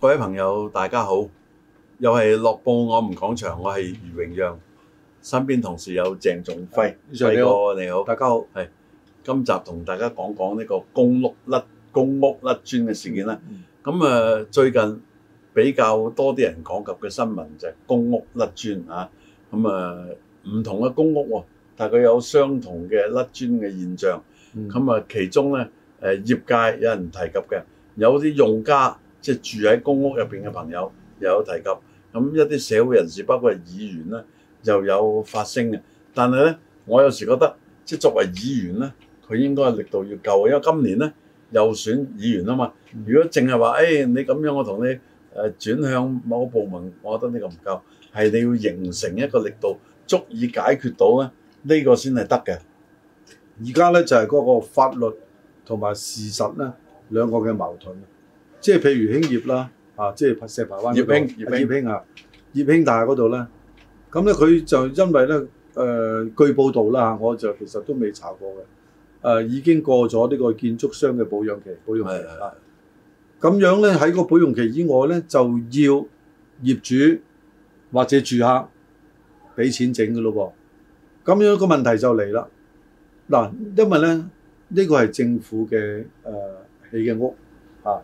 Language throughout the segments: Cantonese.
各位朋友，大家好！又係《樂報》，我們講場，我係余永陽，身邊同事有鄭仲輝，輝哥你好，大家好。係今集同大家講講呢個公屋甩公屋甩磚嘅事件啦。咁啊，最近比較多啲人講及嘅新聞就係公屋甩磚啊。咁啊，唔同嘅公屋喎，但係佢有相同嘅甩磚嘅現象。咁啊，其中咧，誒，業界有人提及嘅，有啲用家。即係住喺公屋入邊嘅朋友又有提及，咁一啲社會人士，包括係議員咧，又有發聲嘅。但係咧，我有時覺得，即作為議員咧，佢應該係力度要夠，因為今年咧又選議員啊嘛。如果淨係話，誒、哎、你咁樣我你，我同你誒轉向某個部門，我覺得呢個唔夠，係你要形成一個力度，足以解決到咧，這個、呢個先係得嘅。而家咧就係、是、嗰個法律同埋事實咧兩個嘅矛盾。即係譬如興業啦，啊，即係石排灣、嗰個。業興業興啊，業興大嗰度咧，咁咧佢就因為咧，誒、呃、據報道啦我就其實都未查過嘅，誒、啊、已經過咗呢個建築商嘅保養期，保養期是的 啊，咁的樣咧喺個保養期以外咧就要業主或者住客俾錢整㗎咯噃，咁樣個問題就嚟啦。嗱、啊，因為咧呢、呢個係政府嘅誒起嘅屋，啊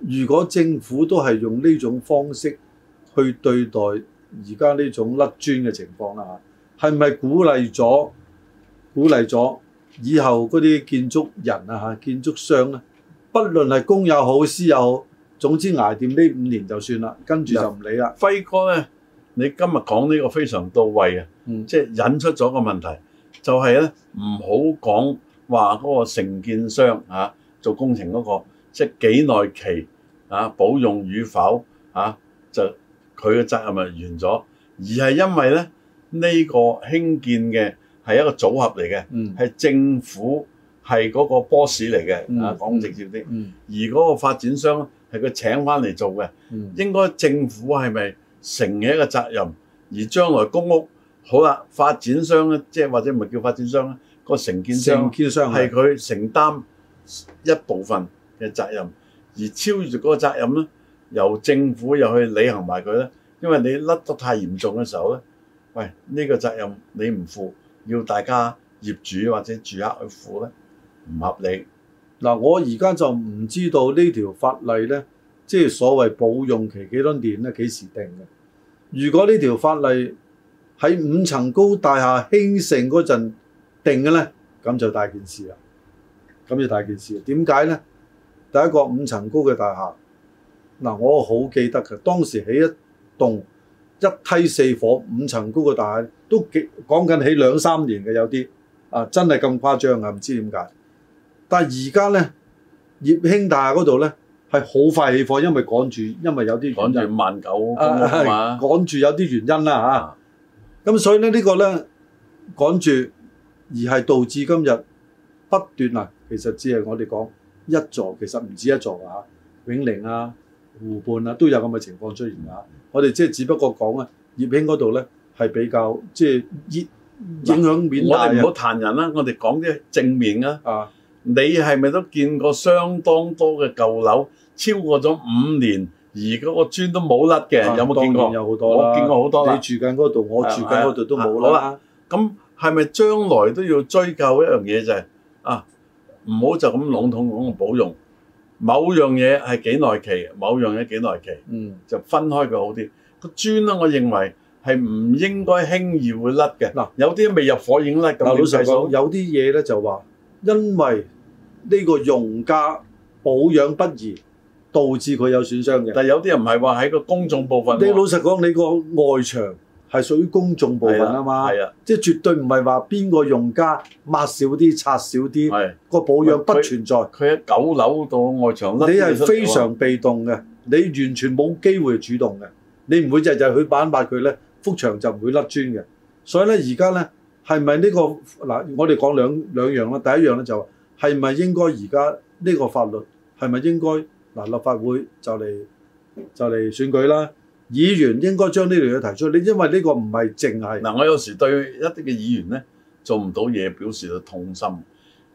如果政府都係用呢種方式去對待而家呢種甩磚嘅情況啦嚇，係咪鼓勵咗鼓勵咗以後嗰啲建築人啊嚇、建築商呢、啊？不論係公又好、私又好，總之捱掂呢五年就算啦，跟住就唔理啦。輝哥呢，你今日講呢個非常到位嘅、啊，即係、嗯、引出咗個問題，就係、是、呢：唔好講話嗰個承建商嚇、啊、做工程嗰、嗰個。即係幾耐期啊？保用與否啊？就佢嘅責任咪完咗？而係因為咧呢、呢個興建嘅係一個組合嚟嘅，係、嗯、政府係嗰個 boss 嚟嘅啊，講直接啲。而嗰個發展商係佢請翻嚟做嘅，嗯、應該政府係咪承起一個責任？而將來公屋好啦，發展商咧，即係或者唔係叫發展商咧，個承建商係佢承擔一部分。嘅責任，而超越嗰個責任咧，由政府又去履行埋佢咧。因為你甩得太嚴重嘅時候咧，喂，呢個責任你唔負，要大家業主或者住客去負咧，唔合理。嗱，我而家就唔知道呢條法例咧，即係所謂保用期幾多年咧，幾時定嘅？如果呢條法例喺五層高大廈興盛嗰陣定嘅咧，咁就大件事啦。咁就大件事，點解咧？第一個五層高嘅大廈，嗱，我好記得嘅，當時起一棟一梯四房五層高嘅大廈，都幾講緊起兩三年嘅有啲，啊真係咁誇張啊，唔知點解。但係而家咧，葉興大廈嗰度咧係好快起火，因為趕住，因為有啲趕住萬九公屋嘛，趕住有啲原因啦、啊、嚇。咁的所以咧呢、呢個咧趕住而係導致今日不斷啊，其實只係我哋講。一座其實唔止一座㗎嚇，永寧啊、湖畔啊都有咁嘅情況出現㗎嚇。我哋即係只不過講啊，葉興嗰度咧係比較即係影影響面大啊。我哋唔好彈人啦，我哋講啲正面啊。啊，你係咪都見過相當多嘅舊樓超過咗五年而嗰個磚都冇甩嘅？有冇見過？有好多啦，我見過好多啦。你住緊嗰度，我住緊嗰度都冇甩啦。咁係咪將來都要追究一樣嘢就係啊？唔好就咁籠統咁保用。某樣嘢係幾耐期，某樣嘢幾耐期，嗯，就分開佢好啲。個磚咧，我認為係唔應該輕易會甩嘅。嗱、嗯，有啲未入火已經甩咁，但老實講，有啲嘢咧就話，因為呢個用家保養不宜，導致佢有損傷嘅。但有啲人唔係話喺個公眾部分。你老實講，你個外牆？係屬於公眾部分啊嘛，啊啊即係絕對唔係話邊個用家抹少啲拆少啲，個、啊、保養不存在。佢喺九樓到外牆，你係非常被動嘅，的話你完全冇機會主動嘅，你唔會日日去擦擦佢咧，幅牆就唔會甩磚嘅。所以咧，而家咧係咪呢係係、呢個嗱？我哋講兩兩樣啦，第一樣咧就係、係、咪應該而家呢個法律係咪應該嗱立法會就嚟就嚟選舉啦？議員應該將呢條嘢提出，你因為呢個唔係淨係嗱，我有時對一啲嘅議員咧做唔到嘢表示咗痛心，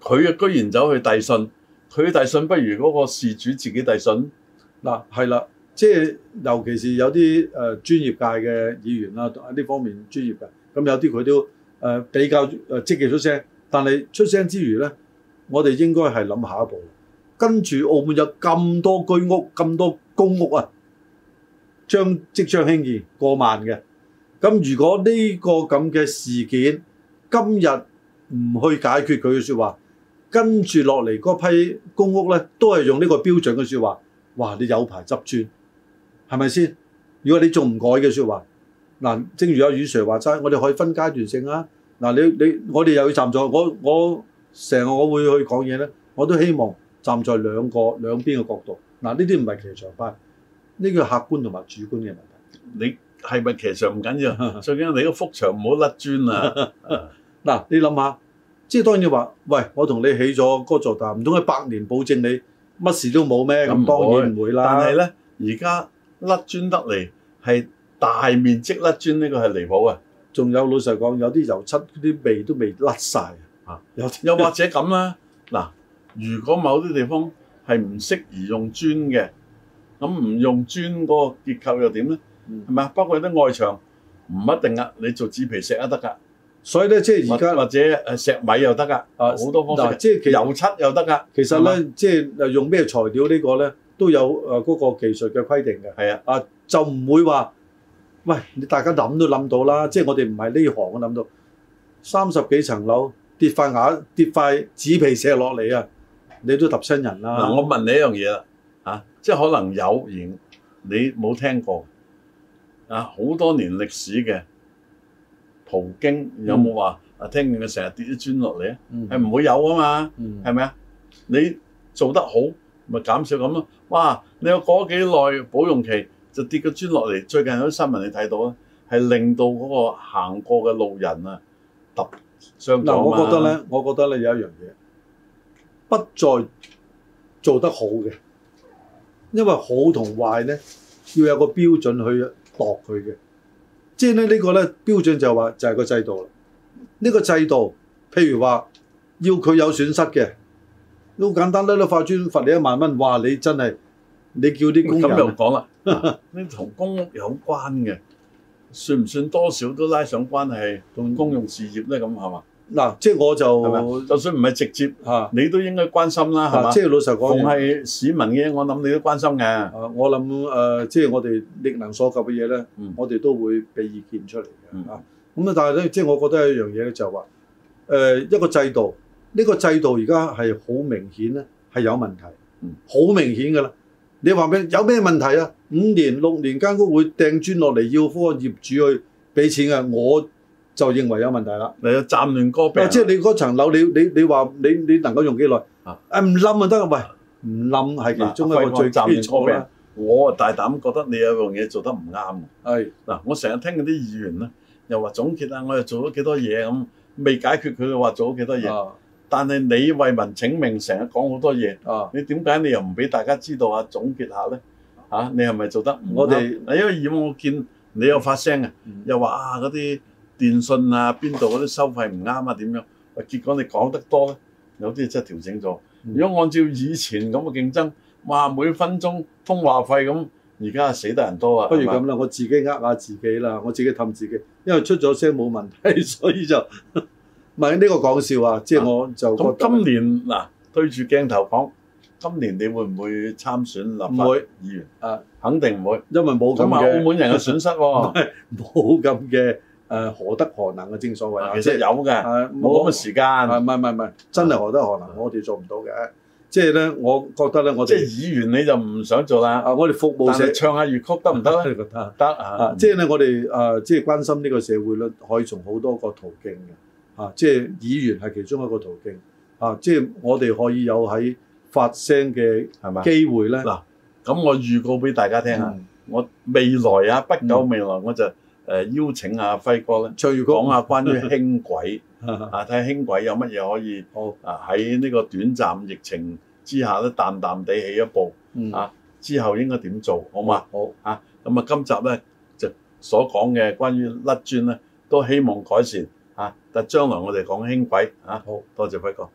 佢啊居然走去遞信，佢遞信不如嗰個事主自己遞信嗱，係啦、啊，即係尤其是有啲誒、呃、專業界嘅議員啦，喺呢方面專業嘅，咁有啲佢都誒、呃、比較誒積極出聲，但係出聲之餘咧，我哋應該係諗下一步，跟住澳門有咁多居屋、咁多公屋啊。將即將興建過萬嘅，咁如果呢個咁嘅事件今日唔去解決佢嘅說話，跟住落嚟嗰批公屋咧，都係用呢個標準嘅說話。哇！你有排執磚係咪先？如果你仲唔改嘅說話，嗱，正如阿雨 Sir 話齋，我哋可以分階段性啊。嗱，你你我哋又要站在我我成日我會去講嘢咧，我都希望站在兩個兩邊嘅角度。嗱，呢啲唔係騎牆派。呢個客觀同埋主觀嘅問題，你係咪騎上唔緊要，最緊要你個幅牆唔好甩磚啊！嗱，你諗下，即係當然話，喂，我同你起咗嗰座，但係唔通佢百年保證你乜事都冇咩？咁當然唔會啦。但係咧，而家甩磚得嚟係大面積甩磚，呢個係離譜啊！仲有老實講，有啲油漆啲味都未甩曬啊！又又或者咁啦，嗱，如果某啲地方係唔適宜用磚嘅。咁唔用磚個個結構又點咧？係咪啊？包括啲外牆唔一定啊，你做紙皮石都得噶。所以咧，即係而家或者石米又得噶。好、嗯啊、多方面。即係油漆又得噶。其實咧，嗎即係用咩材料個呢個咧，都有嗰、啊那個技術嘅規定嘅。係的啊，啊就唔會話，喂，你大家諗都諗到啦。即係我哋唔係呢行諗到，三十幾層樓跌塊瓦、跌塊紙皮石落嚟啊，你都揼親人啦。嗱、嗯，我問你一樣嘢啦。嚇、啊！即係可能有，然你冇聽過啊，好多年歷史嘅途經有有，有冇話啊聽見佢成日跌啲磚落嚟啊？係唔、嗯、會有啊嘛？係咪啊？你做得好咪減少咁咯？哇！你過幾耐保用期就跌個磚落嚟，最近有啲新聞你睇到啊，係令到嗰個行過嘅路人啊，揼傷咗啊，我覺得咧，我覺得咧，有一樣嘢，不再做得好嘅。因為好同壞咧，要有個標準去度佢嘅，即係咧呢、這個咧標準就話就係、是、個制度啦。呢、這個制度，譬如話要佢有損失嘅，都簡單啦，甩甩塊磚罰你一萬蚊，哇！你真係你叫啲工人咁又講啦， 你同公屋有關嘅，算唔算多少都拉上關係同公用事業咧？咁係嘛？嗱、啊，即係我就是就算唔係直接，啊、你都應該關心啦，係即係老實講，逢係市民嘅，我諗你都關心嘅、啊。我諗誒、呃，即係我哋力能所及嘅嘢咧，嗯、我哋都會俾意見出嚟嘅。啊、嗯，咁啊，但係咧，即係我覺得有一樣嘢咧，就話誒一個制度，呢、這個制度而家係好明顯咧，係有問題，好、嗯、明顯㗎啦。你話咩？有咩問題啊？五年六年間，都會掟磚落嚟，要個業主去俾錢㗎，我。就認為有問題啦。你暫亂嗰病，即係你嗰層樓，你你你話你你能夠用幾耐？啊，誒唔冧啊得啊，喂，唔冧係其中一個最暫亂嗰病。我啊大膽覺得你有樣嘢做得唔啱。係嗱，我成日聽嗰啲議員咧，又話總結啊，我又做咗幾多嘢咁，未解決佢話做咗幾多嘢。但係你為民請命，成日講好多嘢。啊，你點解你又唔俾大家知道啊？總結下咧，嚇你係咪做得唔得？我哋因為以往我見你有發聲嘅，又話啊嗰啲。電信啊，邊度嗰啲收費唔啱啊？點樣？結果你講得多咧，有啲真係調整咗。如果按照以前咁嘅競爭，話每分鐘通話費咁，而家死得人多啊！不如咁啦，我自己呃下自己啦，我自己氹自己，因為出咗聲冇問題，所以就唔係呢個講笑啊！即係我就今年嗱，對住鏡頭講，今年你會唔會參選立法會議員？啊，肯定唔會，因為冇咁嘅。澳門人嘅損失喎，冇咁嘅。誒何德何能嘅正所謂，其實有嘅，冇咁嘅時間。誒唔係唔係，真係何德何能，我哋做唔到嘅。即係咧，我覺得咧，我即係議員你就唔想做啦。啊，我哋服務社唱下粵曲得唔得咧？你覺得得啊？即係咧，我哋誒即係關心呢個社會咧，可以從好多個途徑嘅。啊，即係議員係其中一個途徑。啊，即係我哋可以有喺發聲嘅機會咧。嗱，咁我預告俾大家聽下！我未來啊，不久未來我就。誒邀請阿輝哥咧，再講下關於輕軌，嚇睇輕軌有乜嘢可以好啊，喺呢個短暫疫情之下咧，淡淡地起一步，嗯啊之後應該點做好嘛？好，嗎好，好啊，咁啊今集咧就所講嘅關於甩磚咧，都希望改善啊，但將來我哋講輕軌啊，好多謝輝哥。